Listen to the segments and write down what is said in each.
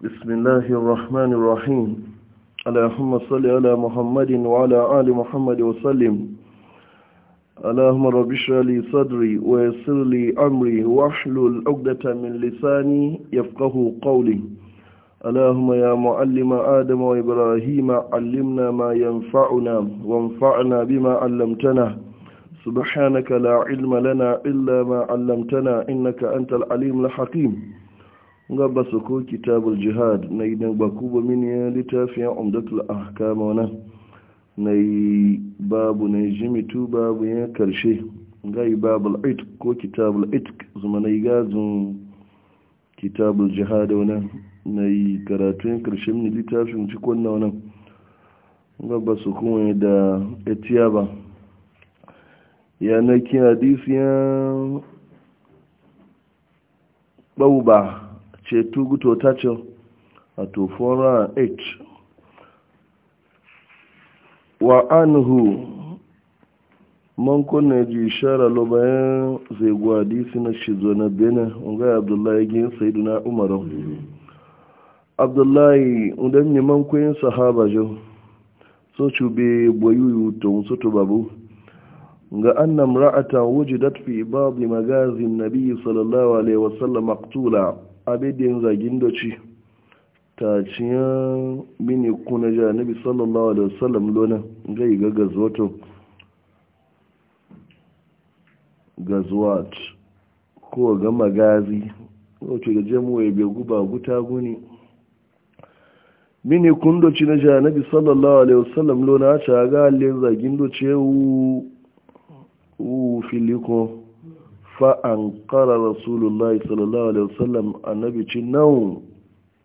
بسم الله الرحمن الرحيم اللهم صل على محمد وعلى آل محمد وسلم اللهم رب اشرح لي صدري ويسر لي امري واحلل عقدة من لساني يفقه قولي اللهم يا معلم ادم وابراهيم علمنا ما ينفعنا وانفعنا بما علمتنا سبحانك لا علم لنا الا ما علمتنا انك انت العليم الحكيم gaba su ko kitabul jihad na idan ba ku ba mini ya littafi ya umdatul ahkama wana na yi babu na jimitu babu ya karshe ga yi babul it ko kitabul it zuma na yi gazin kitabul jihad wani na yi karatun karshe mini littafin cikon na wani gaba su kuma da etiya ba ya na ki hadisi ya ɓauba ceto ta ce a tufora 8 wa anhu man kunna ji shara lo bayan zai gwadi suna shizo na bene, unga abdullahi gin na umaru abdullahi udan ne man kuyin sahaba jo so cube boyuyu tun sutu babu ga annam ra'ata wujidat fi ba'd magazin nabi sallallahu alaihi wasallam maqtula abidin zagin doci ta ciyan mini kuna ja nabi sallallahu alaihi wasallam lona zai ga gazoto gazwat ko ga magazi wato da jamuwa ya guba guta guni mini kun doci na ja nabi sallallahu alaihi wasallam lona ta ga halin zagin doci wu filiko fa'an ƙara rasulullahi sallallahu alaihi wasallam a ci nan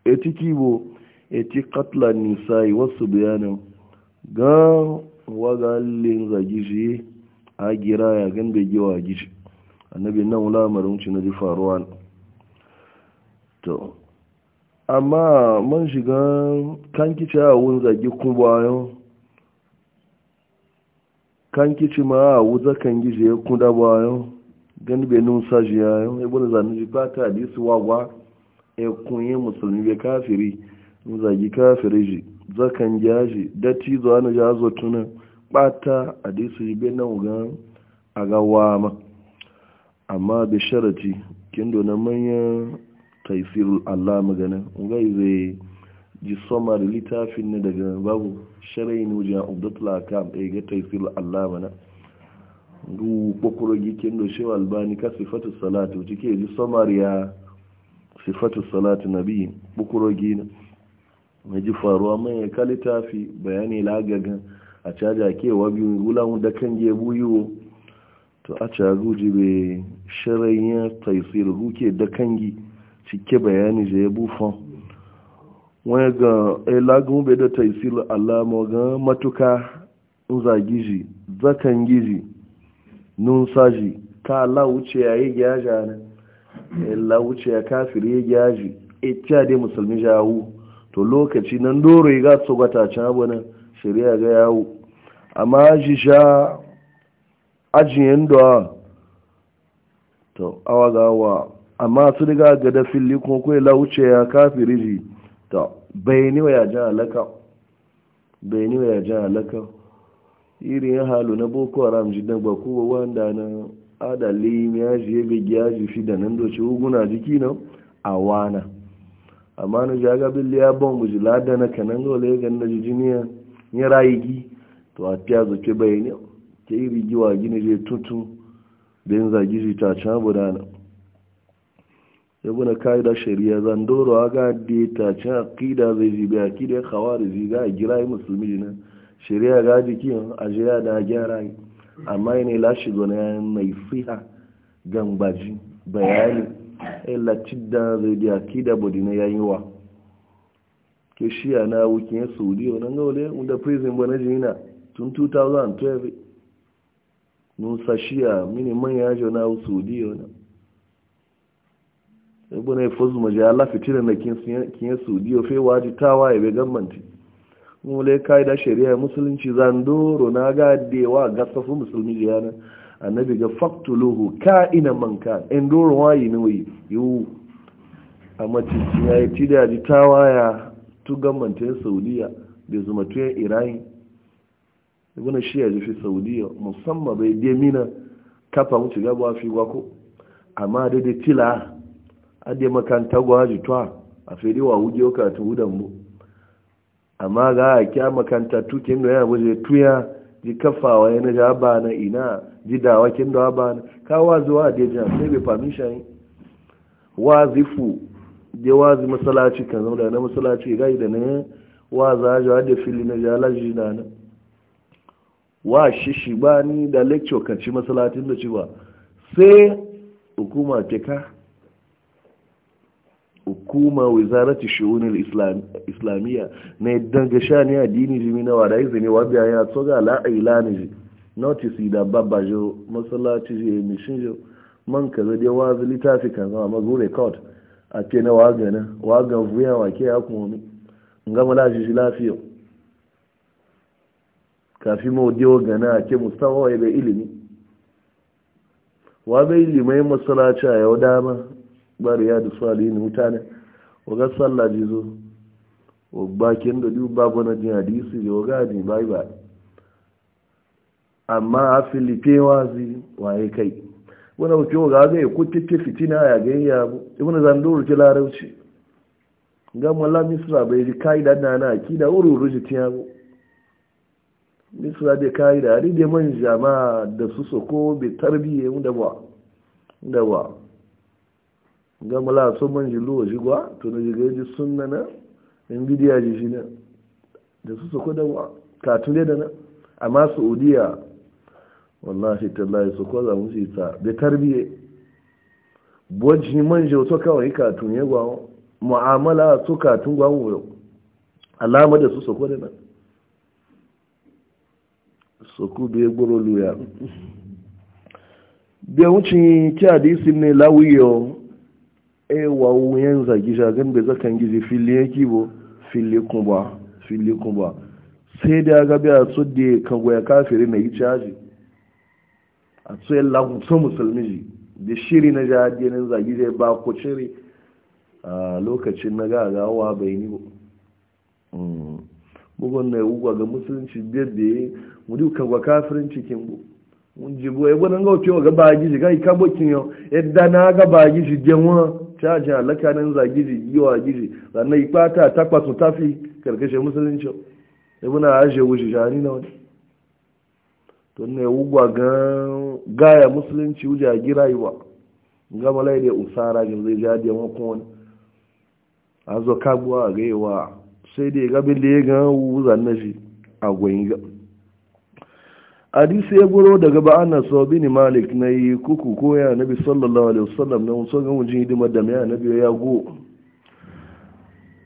eti kibo eti katla nisa'i wasu bayanin ga wagalin zagi shi a gira ya gan da wa gishi nabi nan lamarin marunci na ji faruwa to amma man shiga kan kici a wun zagi kubayon kan kici ma a wuzakan gishi ya kuda bayan gani bai nusa shi ya yi ya bude zanen ji hadisi wagwa ya e kunye musulmi bai kafiri zagi kafiri ji zakan ja shi datti zuwa na ja zo tuna bata hadisi ji bai nan a ga wama amma bai sharati kin dona manyan taifir allah magana zai ji somar littafin ne daga babu sharayin wajen abdul akam ɗaya ga taifir allah mana ndu kokoro gikin do shew albani ka sifatu salatu tike ji samariya sifatu salati nabi kokoro gina na ji faruwa mai kalita fi bayani lagaga a caja ke wa biyu gulan da kan je buyo to a cagu ji be sharayya taysir guke da kangi cike bayani je ya bufan wani e eh, ilagun be da taysir alama ga matuka giji zakan gizi nun saji ka la wuce ya yi gyaja ne la wuce ya kafiri ya gyaji ita dai musulmi jawo to lokaci nan doro ya gatsu gata can abu nan shari'a ga yawo amma shi sha ajiyen da to awa ga awa amma su riga ga da fili kuma kawai la wuce ya kafiri ji to bayani wa ya jan bayani wa ya jan alaka irin ya halu na boko haram ji na baku wanda na adali ya ji ya ya ji fi da nan doce huguna jiki na awana wana amma na ji aga billi ya bon buji lada na kanan gole ya ganda ji jiniya ya rayu gi to a fiya zuke bayani ke iri giwa gini je tutu da zagi ji ta can budana ya buna ka'ida shari'a zandoro aga da ta can akida zai ji akida ya kawar ziga a gira yi musulmi na shirya ga jikin a shari'a da gyara amma yi ne lashe gona ya mai fiha gambaji bayani ila cidda zai da kida na ya yi wa ke a na wukin ya saudi wani ga wale da prison ba na jina tun 2012 nusa shiya mini manya ajiyar na saudi wani na ya fuzu maji ala fitina na kinye saudi ya fe waji tawa ya bai gambanti nule kaida shari'a musulunci zandoro na ga dewa ga safu musulmi yana annabi ga faktuluhu ka'ina man ka endoro wayi ne yi yu a macici ya yi tida ji tawaya tu gamantin saudiya da zumatuyar iran ibina shi ya fi saudiya musamman bai mina kafa wuce ba fi gwako amma daidai tila a da makanta gwaji tuwa a wuje ka tu dan mu amma ga a kya makanta tukin da ya waje tuya ji kafawa ya naja ba na ina ji dawa kin da ba na kawa zuwa da ja sai bai permission wazifu da wazi masalaci kan zama da na masalaci ga da ne waza ja da fili na ji na na wa shishi ba ni da lecture kan ci masalacin da ci ba sai hukuma ke ka hukuma wizarati shughuni islam, islamia na danga shani dini jimi na wada izini wabya ya tsoga la ilani ji notice da baba jo masallaci ji emission jo man ka dai wazi litafi kaza amma go record a ce na wagana wagan vuya ke ya kuma mi ngama la ji lafiya kafi mo dio gana a ce mustawa ya ilimi wa bai limai masallaci a yau dama bari ya da salihin mutane waga sallah ji zo wagba kin da duk babu na jin hadisi da waga ni bai bai amma a filipe wazi waye kai wani wuce waga zai ya kutuke fitina ya ga ya ibn zanduru ki larauci gan mala misra bai ji kai da wuri wuri jiti ya bu misra bai kai da ri da man jama'a da su soko bai tarbiyya da ba da ba gama la so man luwa shi kuwa to na jiga ji sun na in bidiya ji shi na da su su wa katun da na amma saudiya wallahi tallahi su kwaza musu ita da tarbiye bojji man jau wato kawai katun ya gwa mu'amala su katun gwa mu alama da su su kudu na su ku bai gboro luya bai wucin ki hadisi ne lawiyo ewa eh, wuyan zagi shagan bai zakan gizi fili yake bo fili kuma fili kuma sai da gabi a su da kan goya kafiri na yi caji a su lagunsa musulmi ji da shiri na jihadinin zagi zai ba ku cire a lokacin na wa bai ni ba mm. bugun na yi ga musulunci yi mu duka ga kafirin cikin bu mun jibo ya gwanin ga wacewa ga bagi shi ga ikabokin yau yadda na ga bagi shi jenwa caji halakanin yi wa gizi sannan ipata takwasu tafi karkashin musulunci ibina e, aje wuce shani na wani to ne wugwa gaya musulunci wuce a gira yi ba gama laide usara jin zai jadi yawon kuma wani a zo kaguwa a gaiwa sai dai gabin da ya gan wuzan na shi a gwayin hadisi ya goro daga ba ana so bini malik na yi kuku ko ya nabi sallallahu alaihi wasallam na wasu ga wajen hidimar da mai nabi ya go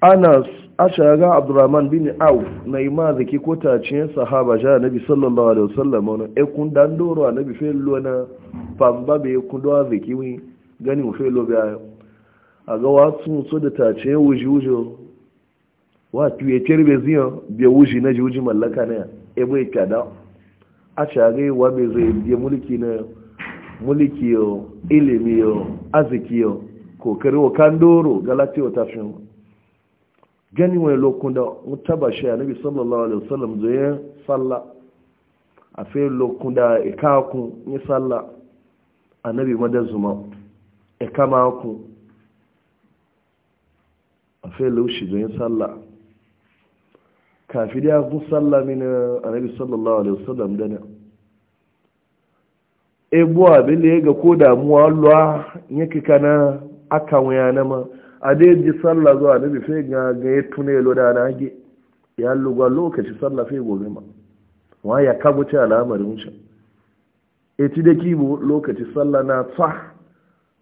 ana ashaga abdurrahman bin auf na yi mazaki ko tacin sahaba ja nabi sallallahu alaihi wasallam wani ekun dan doro a nabi felo na famba bai kun a azaki wani gani mu felo bai a ga wasu so da taciyar wuji wuji wa tuye bai ziyan bai wuji na ji wuji mallaka ya ebe kada a shagayi wa mai zai mulki na mulki yau ilimi aziki arziki yau kokari kan kandoro galati wa tafin gani wani lokun da mutaba shi a nabi sallallahu alaihi wasallam zai salla a fe lokun da ikakun yi salla a eka madazuma ikamakun a fe laushi zai salla kafin ya gun salla mini a nabi sallallahu alaihi wasallam da egbu a da ga ko damuwa luwa yake kana aka wuya na ma a dai ji sallah zuwa na bife ga ga ya tuna ya loda na ge ya lugwa lokaci sallah fai gobe ma wa ya kabo ce al'amarin shi e ti da kibo lokaci sallah na tsa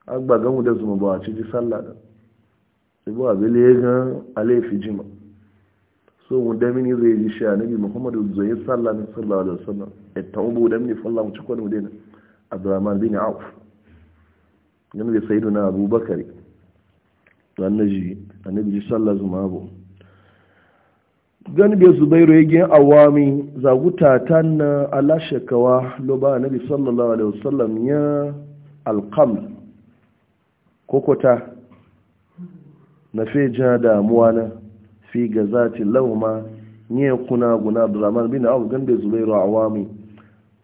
agba ga gamu da zuma ba a ci ji sallah da ebuwa abin da ya ga alefi jima so mu da mini zai ji shi a muhammadu zai sallah ne sallah da sallah e ta da mini sallah mu ci kwanu dai abdurrahman bin auf nan da sayidu na abubakar wannan ji annabi ji sallah zuma abu gani bai zubairu ya gina awami zaguta ta na alashakawa loba annabi sallallahu alaihi wasallam ya alkam kokota na fejina damuwa na fi ga zati lauma ne kuna guna abdurrahman bin auf gani bai zubairu awami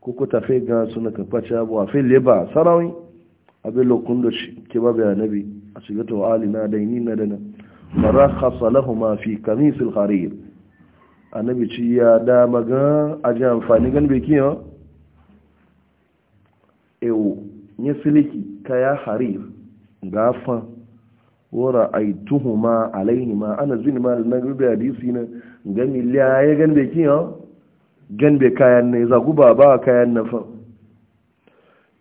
kuku tafe ga suna kafaci abu a fil leba sarawin abin lokun da ke ba bai nabi a shiga to ali na da ni na dana farakhasa ma fi qamis al harir nabi ci ya da maga aje amfani gan be kiyo ewu ya siliki kaya harir Wura a yi gafa ma alaini ma. ana ma na gribe a hadisi na gani liya ya gan be kiyo gan be kayan ne za guba ba kayan na fa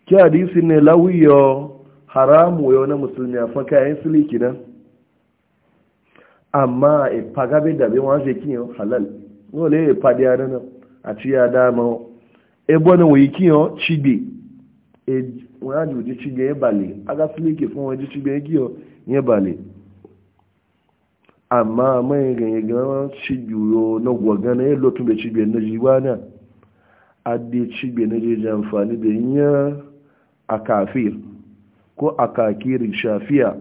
ki hadisi ne lawiyo haramu yo na musulmi fa kayan siliki na amma e be da be wan je kiyo halal no le padi ara na ati ya da mo e bona wi kiyo chibi e wan ju di chibi e bale aga siliki fun wan ju chibi e kiyo yen bale amma mai ganye gama cibiyo na gwagana ya lotun da cibiyar na jibana adi cibiyar na jeji amfani da yinya a kafir ko a kakiri shafiya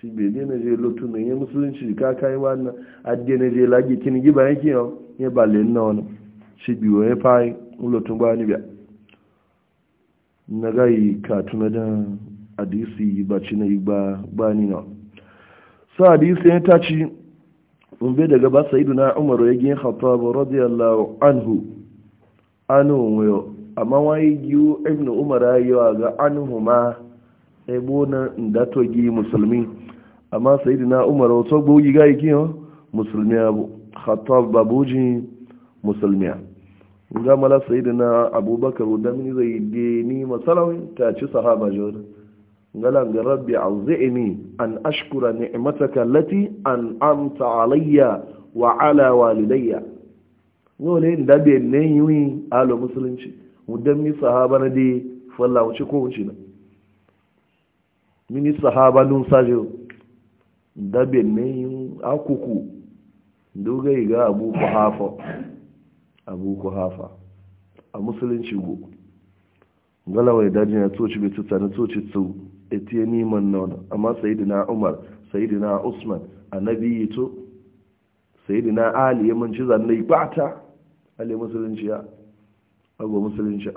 cibiyar na je lotun da ya musulunci ka kayi wannan adi na je lagi kini giba yake yau ya bale na wani cibiyo ya fayi lotun ba ni biya na gayi katuna da adisi ba ci na igba ba na sa adisi ya ci. mgbe daga ba sa'idu na umaru ya gin khattab radiyallahu anhu anu wayo amma wai giyu ibnu umar yawa ga anhu ma ebo na ndato gi musulmi amma sa'idu na umar wato gbogi ga yake yo musulmi abu khattab babuji musulmi ga mala na abubakar da mini zai ni masalawi ta ci sahaba jordan galan ga rabbi auzi'ni an ashkura ni'mataka allati an'amta alayya wa ala walidayya dole da be ne yi alo musulunci mudan mi sahaba na dai falla wuce ko wuce na mini sahaba nun sajo da be ne yi akuku dogai ga abu kuhafa abu kuhafa a musulunci go galawai dajin ya toci bai tuta na toci etiye neman nono amma sayidina umar sayidina usman annabi to sayidina ali ya manci zannai bata ali musulunci ya abu musulunci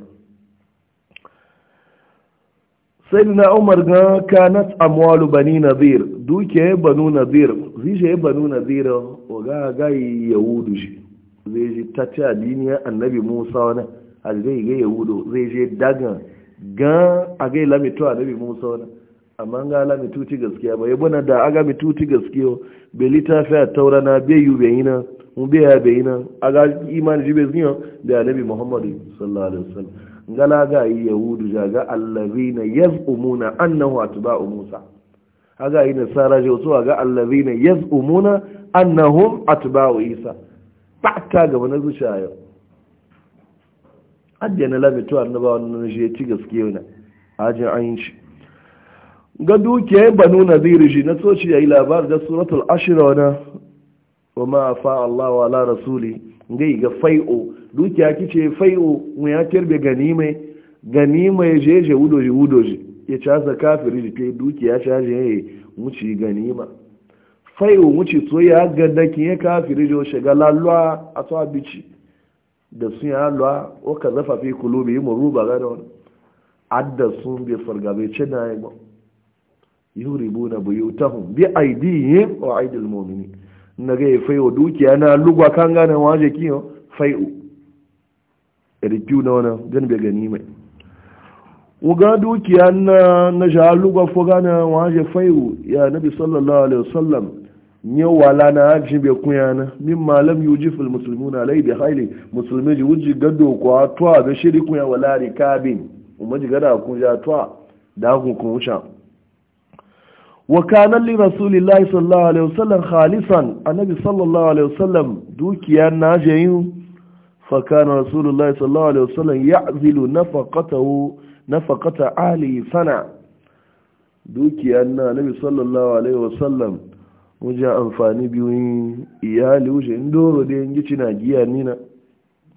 sayidina umar ga kanat amwalu bani nadir duke banu nadir zije banu nadir wa ga ga yahudu shi zai ji ta ta annabi musa wani a zai ga yahudu zai je dagan ga a gai lamitu a nabi musa wani amma ga lamitu ti gaskiya ba yabo na da aga mitu ti gaskiya bai littafi a taura na bai yi bai yi na mu bai ya bai yi na aga imani ji bai zuwa da nabi muhammadu sallallahu alaihi wasallam Gana ga yi yahudu ja ga allazina yaz'umuna annahu atba'u musa aga yi nasara wasu so ga allazina yaz'umuna annahum atba'u isa ta gaba na zuciya yau adda na labe to annaba wannan shi ci gaske wani hajji an shi ga dukiya banu ziri shi na soci yi labar da suratul ashra wani. wa ma fa Allah wa ala rasuli ngai ga fai'o dukiya kice fai'o mu ya kirbe gani mai je je wudo je wudo je ya casa kafiri da ke dukiya caje ya yi gani ganima fai'o muci so ya ga ya kafiri jo shiga lalwa a to bici. da sun yi halwa o ka zafa fi kulubi yi muruba gada wani adda sun bai fargabe ce na yi ba bu na buyu tahun bi yi o aidi momini na ga fai o dukiya na lugwa kan gane waje kiyo o rikiyu na wani gani bai gani mai wuga dukiya na na sha lugwa fo gane waje o ya nabi sallallahu alaihi wasallam nyewa na hajji bai kunya na min malam yujifil musulmuna alai bi haili musulmi ji wuji gado kwa tuwa ga shiri kunya wala rikabin umma ji gada kun ja tuwa da kun kun wuce wa kana li rasulillahi sallallahu alaihi wasallam khalisan annabi sallallahu alaihi wasallam dukiya na jayin fa kana rasulullahi sallallahu alaihi wasallam ya'zilu nafaqatahu nafaqata ali sana dukiya na annabi sallallahu alaihi wasallam wajen amfani biyun iyali wuce in doro da yanki cina giya nina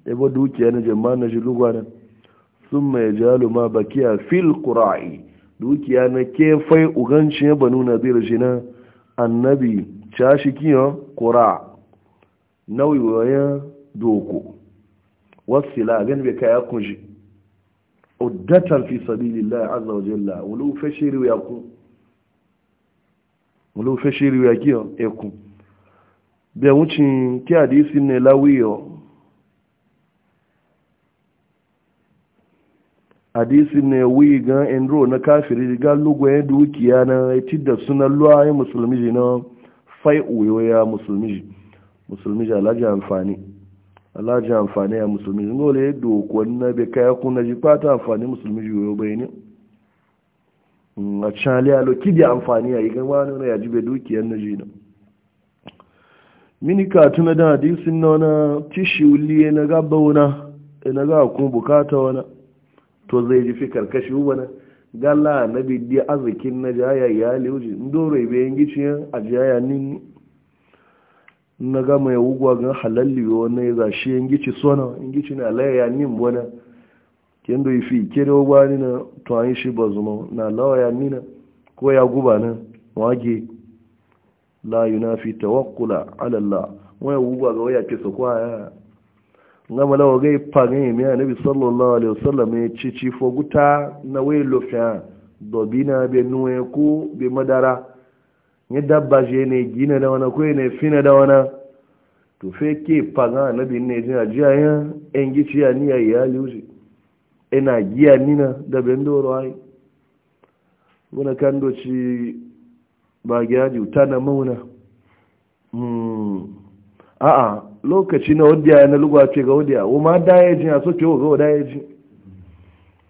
yabo dukiya na jama'a na shi lugwana sun mai jalo ma bakiya fil kura'i dukiya na ke ugancin ya banu na zira shi na annabi cashi kiyo kura. nauyi doko wasu la gani bai kaya kunshi uddatar fi sabilillah azza wa jalla wani ya kun mọ̀lú fẹ́ ṣe rí àkí ẹkùn bí ẹ̀hún ti ń kí àdísí ní láwí ọ àdísí ní ẹwí gan ẹ̀ndúró na káfìrí gan lógo ẹ̀ dúkìá na etí da suna lọ́wọ́ musulmi jì náà fai òwèwé ya musulmi jì musulmi jì alájà àǹfààní alájà àǹfààní ya musulmi jì ní ó lè dòkò ní bẹ káyakún na jì pátá àǹfààní musulmi jì wọ́n bẹ́ẹ̀ ni. a caliya loki da amfani a yi gama nuna yajibe jibe dukiyar na jina mini ka tuna da hadisin na wani tishi uliye na gaba wana na ga kun bukata wani. to zai ji fi karkashi wana gala na bidiyar arzikin na jaya ya leuji ndoro ibe yin giciyar a jaya nini na gama ya wugwa gan halalli wani ya zashi yin gici sona yin gici na alayya nin wani kendo ifi kere wani na to an shi ba zuma na lawa ya nina ko ya guba na wage la yunafi tawakkula ala Allah waya guba ga waya ke sokwa ya ngama lawa ga miya na bi sallallahu alaihi wasallam ya ci ci foguta na na wai dobi na bi nuwe ku be madara ni dabba je ne gina da wana ko ne fina da wana to fe ke paga bi ne je jiya yan engici ya ni ya ya liuji ina giya nina da bendoro ai wani kan doci ba gyaji ta na mauna hmm. a'a lokaci na wadda ya na lugwace ga wadda o ma da ya ji a soke ga wadda ya ji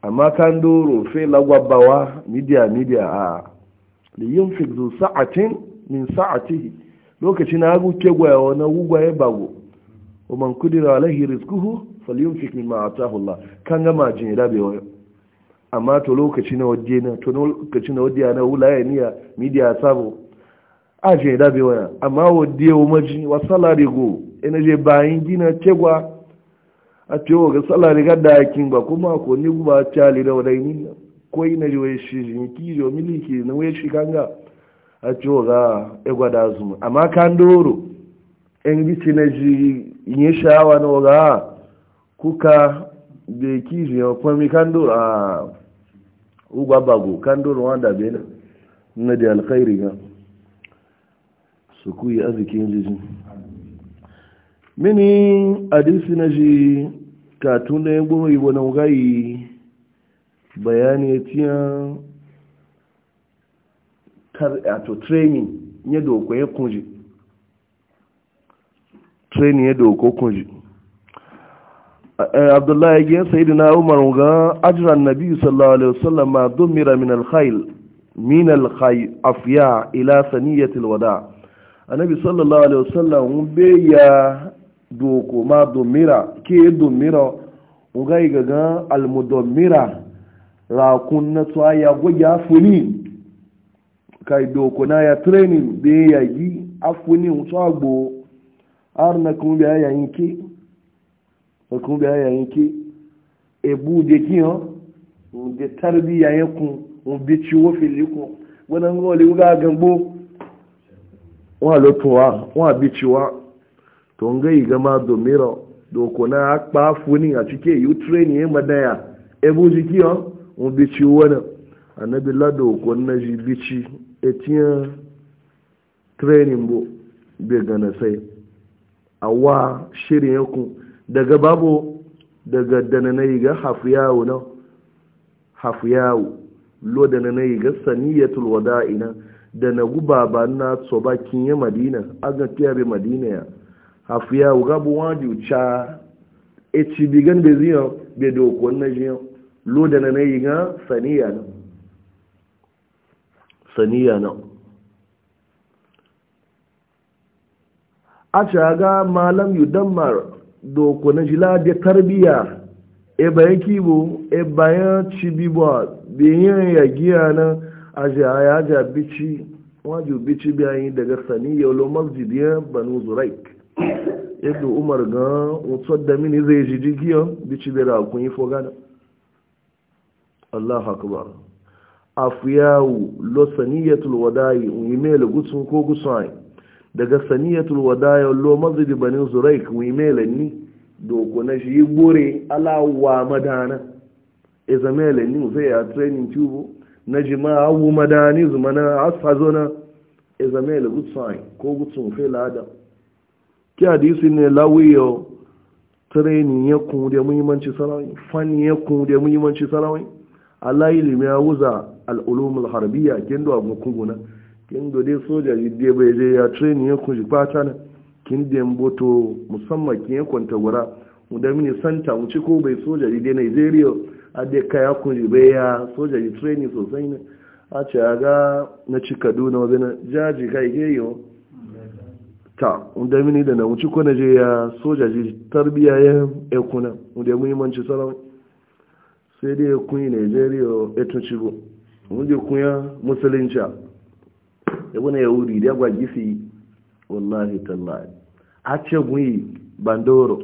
amma kan doro fe lagwabawa midiya midiya a da yin fikzu sa'atin min sa'atihi lokaci na hagu ke gwaya wani gugwaye bago wa man kudira alaihi rizkuhu falyunfik min ma atahu Allah kan ga majin da bai wayo amma to lokaci na waje na to lokaci na waje na wulaya niya media sabo a je da bai waya amma waje wa maji wa salari go ina je bayin gina cewa a ce wa ga salari ga da kin ba kuma ko ni ba tali da wadai ni ko ina je wai shi ni ki jo miliki na wai shi kanga a ce wa ga e gwada zuma amma kan doro en bi na ji yin sha'awa na wa ga kuka da kishi ya kwami kandoro a ugbabago kandoro wanda bena na da alkhairi ga su kuyi arzikin jijin mini adisi na ji katun da ya goma ibo na ugayi bayani ya tiya ato training ya doko ya kunji training ya doko kunji Eh, abdullahi ya sayyidina umar ga ajiyar nabi sallallahu alaihi wasallam ma dumira min alkhail min al afiya ila saniyati al-wada annabi sallallahu alaihi wasallam be ya doko ma dumira ke dumira ugai gaga al-mudammira ra kunna tsaya goya funi kai doko na ya training be ya yi afuni utagbo arna kun be ya yanki hukun bi ayayin ki ebu de ki han de tarbiya yankun un bi tí wo fi likun wona ngo le wuga gangbo wa lo tuwa wa bi ci wa to ngai gama do miro do kona akpa funi a cike yu training e madaya ebu ji ki han un bi ci wona annabi lado ko na tí bi ci etiyan training bo gana sai awa shirin yankun daga babu daga dana na yi ga hafiyawu na hafiyawu lo dana na yi ga saniyatul wada'ina da na guba ba na tsobakin ya madina aga fiyabe madina ya hafiyawu gabu wadi cha eci bigan da ziyo be doko na jiyo lo dana na yi ga saniya na saniya na a ga malam damar. doko na jila de tarbiya e bayan kibo e bayan cibibuwa bayan yagiya na ajiya ya ja bici wajen bici bayan daga sani ya yaulo masjidiyar banu zuraik yadda e umar ga wutsar da mini zai ji jigiyar bici bai da kun yi fogana allah akbar afiyawu lo saniyatul wadayi un yi mele gutsun ko gutsun daga saniyatul wadaya lo mazidi banin zuraik wimelan ni dogo na shi gore alawa madana iza e melan ni zai ya training tubo na jima'a wu madani zuma na asfazo na iza e melan good sign ko good sun fe lada ki hadisi ne lawiyo training ya kun da muhimmanci sarawai fan ya kun da muhimmanci sarawai alayi limya wuza al-ulum al-harbiyya kendo abu kunguna kin dode soja jide bai je ya treni ya kunshi fata na kin den boto musamman kin ya kwanta gura da mini santa mu ci ko bai soja jide nigeria a da kaya kunshi bai ya soja ji treni sosai na a ce a ga na ci kaduna wajen jaji kai ke yau ta da mini da na mu ci je ya soja ji tarbiya ya ekuna da muhimmanci sarau sai dai ya kunyi nigeria etu tunci bu mun je kunya musulunci ebuna yahudi da gwa gifi wallahi tallahi a ce bandoro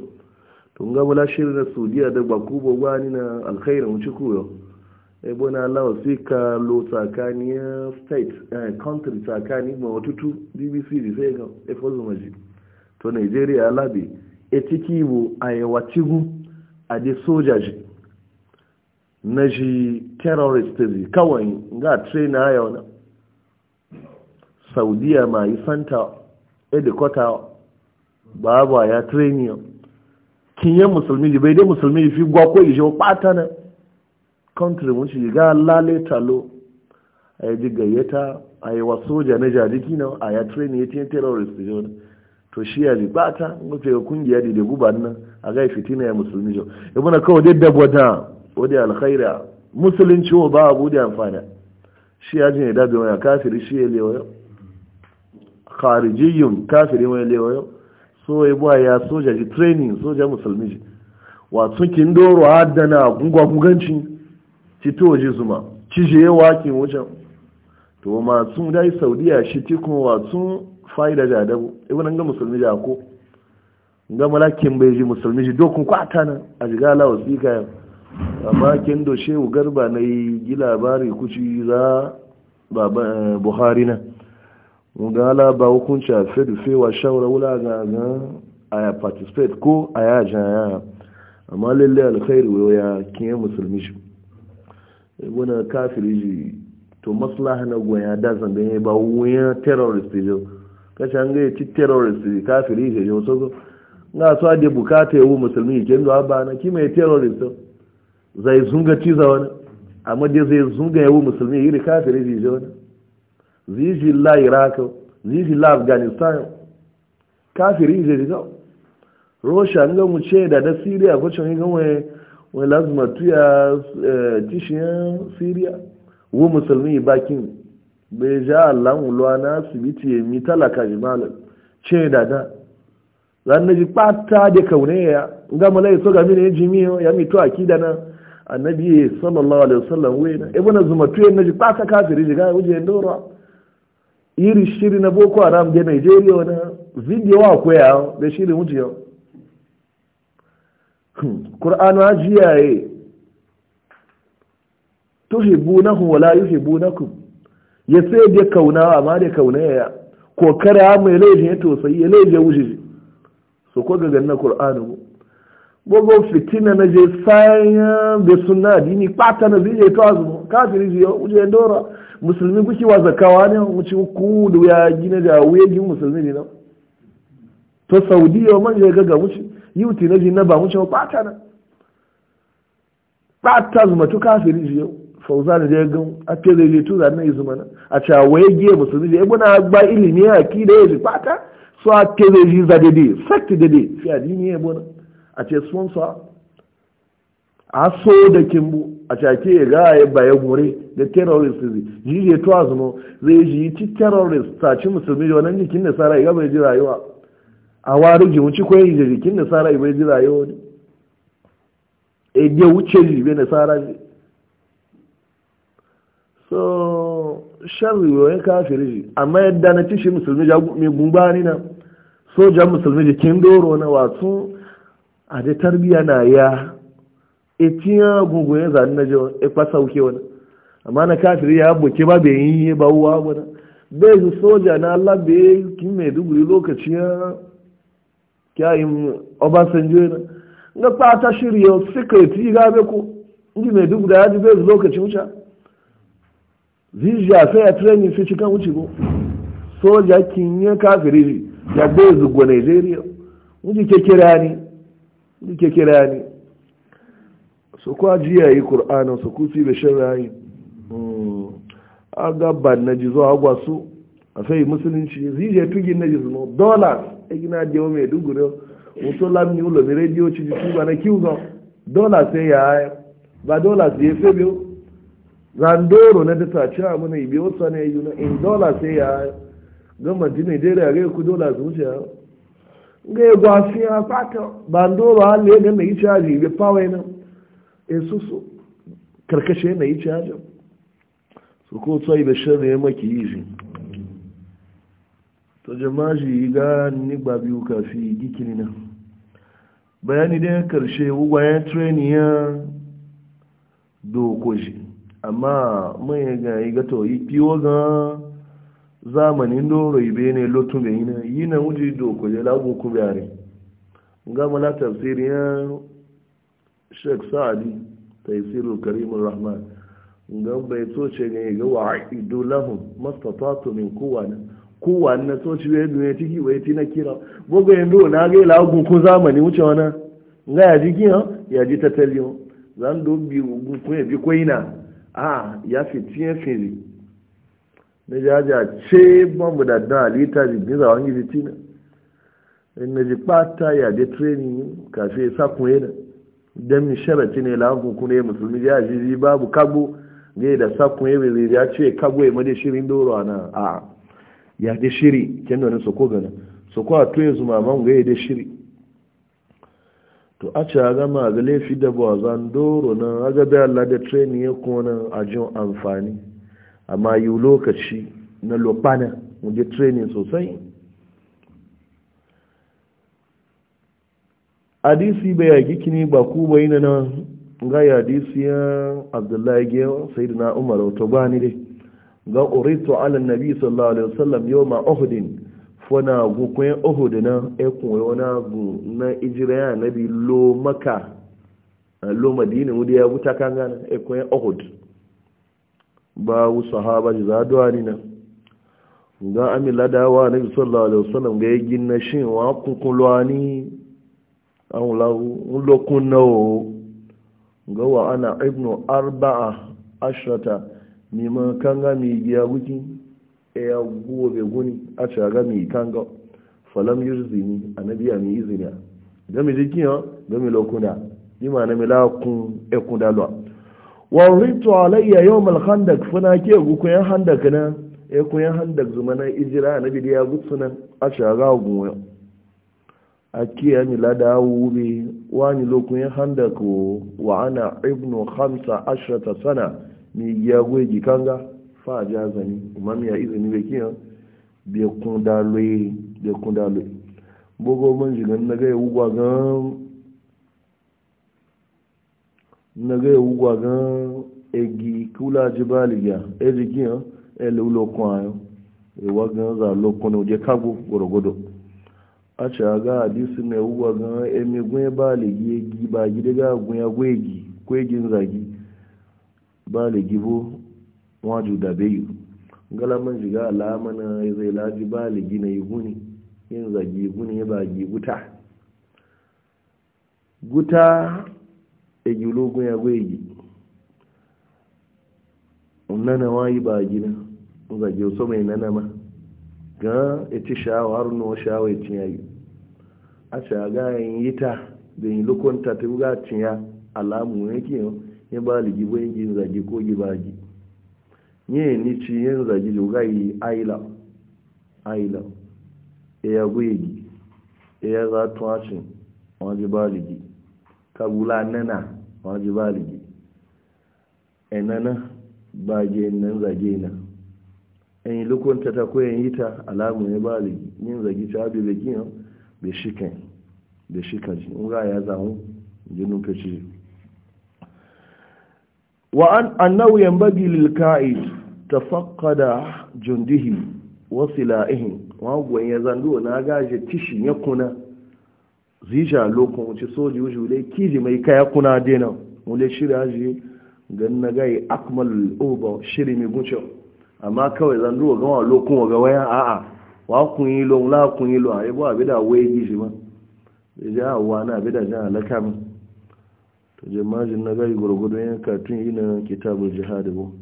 tun bula shirin na sudiya da gwa kubo gwani na alkhairin wuce kuyo ebuna lawa sika lo tsakaniyar state eh, country tsakani ma watutu bbc da sai ga efozu maji to nigeria alabi etiki bu a yawacigu a de sojaji na ji terrorist kawai ga train a yau saudiya ma yi santa edikota babu ya kin yi musulmi ji bai dai musulmi ji fi gwa ko ishe ɓata na country mun shi ga lale talo a yi ji gayyata a yi wa soja na jariki na a ya traini ya tiyan terrorist ji wani to shi ya ji ɓata mafi ga kungiya da da guban nan a ga fitina ya musulmi ji ibuna kawai dai dabwata wadda alkhaira musulunci wa ba abu da amfani. shi ya ji ne dabe wani kafiri shi ya lewa yau kharijiyun kafiri wani lewayo so ya buwa ya soja ji training soja musulmi ji wato kin doro haddana gungwa guganci ci to ji zuma ci je wakin wucin to masu dai saudiya shi ti kuma wato fa'ida da adabu e ibn ga musulmi ja ko ga malakin bai ji musulmi ji dokun kwata nan a jiga lawa sika amma kin do shehu garba na yi labari kuci za baba eh, buhari na ga alaba hukunci a fedu fewa shawara wula ga ga a ya participate ko a ya jaya amma lalle alkhairu ya kiyan musulmi shi wani kafiri ji to maslaha na goya da zangan ya ba wuya terrorist ji kashi an gaya ci terrorist kafiri ji ji so na so a da bukata yawo musulmi ke ndo ba na ki mai terrorist zai zunga ciza wani amma dai zai zunga ya wu musulmi iri kafiri ji wani zizi la iraq zizi la afghanistan kafiri je diga russia nga mu ce da da syria ko cin ga we we lazma tuya eh, tishiya syria wo musulmi bakin bai ja Allah ulwa na asibiti mi talaka jimal ce da da zan naji pata da kaune ya ga malai so ga mini jimi ya mi to akida na annabi sallallahu alaihi wasallam we na ibn e zumatu ya naji pata kafiri jiga wuje ndora iri shiri na boko haram da nigeria wani video wa koya da shiri wujiya ƙur'anu ajiya ya tuhibbunahu wala ku. ya sai da kauna amma da kauna ya ya mai laifin ya tosayi ya laifin ya wuce so ko gagan na qur'anu bogo fitina na je sayan da sunna dini pata na zije to azu ya je ya ndora musulmi kuke wa zakawa ne wuce ku da ya gina da wuya gina musulmi ne na to saudiya man ya gaga wuce yi wuce na jin na ba wuce ɓata na ɓata zuma tu kafiri shi yau fauza da ya gan a ce zai je tuza na izuma na a ce waye giya musulmi da ya guna ba ilimi a ki da ya ji ɓata so a ce zai ji za dede sakti dede fi addini ya guna a ce sponsor a so da kimbo a cake ya ga ya baya gore da terrorist zai ji ya to azumo zai ji ci terrorist ta ci musulmi da wannan jikin da sarai ga bai ji rayuwa a wari ji wuci ko yi jikin da sarai bai ji rayuwa ne e ge wuce ji bai na sarai so sharri wa ya kafiri ji amma yadda na shi musulmi ja mai gumbani na sojan musulmi jikin doro na wasu a da tarbiyya na ya e tiya ya zane na jawon e kwa sauke wani amma na kafiri ya buke ba bai yi ba uwa wani bai su soja na Allah bai kin mai duguri lokaci ya kyayin obasanjo na na kwata shirya suka yi ti gabe ko ndi mai duguri ya ji bai su lokaci wuce zijiya sai a treni su cikin wuce ko soja kin yi kafiri ya bai zugo nigeria wuce ke kira ni wuce ke ya ni so kwa ya yi ƙur'anin su kusi bai shan rayu a gaban na jizo a su a sai musulunci zije tugin na jizo dollars a e gina jewa mai duguri wato lamni ulo mai rediyo ci jisu ba na kiwuga dollars sai e ya haya ba dollars ya fi biyu zandoro na data ci a mana ibi wata ne yi na in dollars sai e ya haya gama ji nigeria ga ku dollars wuce ya ga ya gwasi ya fata ba ndoro halin ya gana yi caji bai fawai nan esu su karkashe yi cajin su ko tsayi da shirin ya maki yi shi ta jamaji yi ga ba biyu kafi gikini na bayani da ya karshe bayan treni ya doko amma mai ga yi ga yi piyo ga zamanin doro ibe ne lotu bai yi na yi na wuji doko ya lagu kubiyare ga mala tafsiriyar sheikh sa'adi taisirul karimun rahman ngan bai toce ne ga wa'idu lahum mastatatu min kowane kowane na toce bai duniya tiki bai ti na kira gogo yanzu na ga ila gun ko zamani wuce wana nga ya ji kiyan ya ji tattaliyo zan do bi gun ko ya bi ko ina a ya fi tiye fili na jaja ce ban bu da dan ta ji giza wangi ji tina in na ji pata ya je training kafin sakun yana don mi ne lahun kuna ya musulmi ya ji babu kabo ne da sakun ya bai ya ce kabo ya e mada shirin doro ana a ya de shiri kyan wani soko gana soko a tuye zuma man ga ya da shiri to a ce a gama ga laifi da ba zan doro nan a ga Allah da treni ya kuma a jin amfani amma yi lokaci na lopana je training sosai hadisi bai yagi kini ba ku bai na nan ga ya hadisi ya abdullahi ge sayyidina umar wato ba ni dai ga uritu ala nabi sallallahu alaihi wasallam yawma uhud fona gu kun uhud na e kun yona gu na ijira ya nabi lo maka lo madina mu ya buta kan gana e kun ba wu sahaba ji zaduwa ni na ga amila dawa nabi sallallahu alaihi wasallam ga yin na shin wa kun kulwani an lawu lokun nawo ga wa ana ibnu arba'a ashrata neman kanga mai giya wiki e ya gobe guni a ga mai kanga falam yurzini annabi ya mi izini ga mi dikiya ga mai lokuna bima na milakun e kundalwa wa ritu alayya yawm al-khandaq funa ke gukuyan handak na e kuyan zuma na ijira annabi ya gutsuna a shaga gunwa ake yani lada wuri wani handa ko wa ana ibnu hamsa ashirata sana mi ya gwegi kanga fa ja zani imam ya izini be kiyan be kun da loye be man jiga na ga yugwa ga na ga yugwa ga egi kula jibali ya ya ele ulo kwa yo e za lokon je kago gorogodo a ce ga hadisi ne wuwa gan emi gwen baligi yegi ba gida ga gun ya gwegi kwegin zagi baligi bo waju da bayu galaman jiga alama na zai laji baligi na yi guni yin zagi guni ya bagi guta guta egilo gun ya gwegi nana wayi bagi na zagi so mai nana ma ga e ita shawar no shawai cin yayi a shaga yin yi ta da yin lukunta ta buga cinya alamu ya ke ya ba ligi ba yin zagi ko gi bagi yi ni ci yin zagi juga yi aila aila ya gwe gi ya za tuwacin waje ba ligi kabula nana waje ba ligi enana bage nan zage na en lukunta ta ko yin yi ta alamu ne ba ligi yin zagi ta bi bikin bai shika da shika ji in ya zamu jinin fice wa an annahu yanbaghi lil ka'id tafaqqada jundihi wa sila'ihi wa gwan ya zando na gaje kishin ya kuna zija lokon wuce soji wuce dai kiji mai kaya kuna dena wule shirya ji gan na gai akmal uba shiri mai gucewa amma kawai zan ruwa gawa lokun waya a'a wa kun yi lo la kun yi lo ayi bo abida we gi shi ma ja wa na abida ja laka min to je majin na gari gurgudu ya katun ina kitabul jihad bo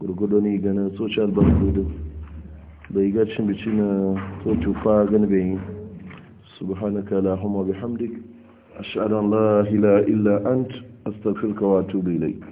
gurgudu ni gana social bank bai ga cin bici na to tufa gani bai yi subhanaka allahumma bihamdik ashhadu an la illa ant astaghfiruka wa atubu ilaik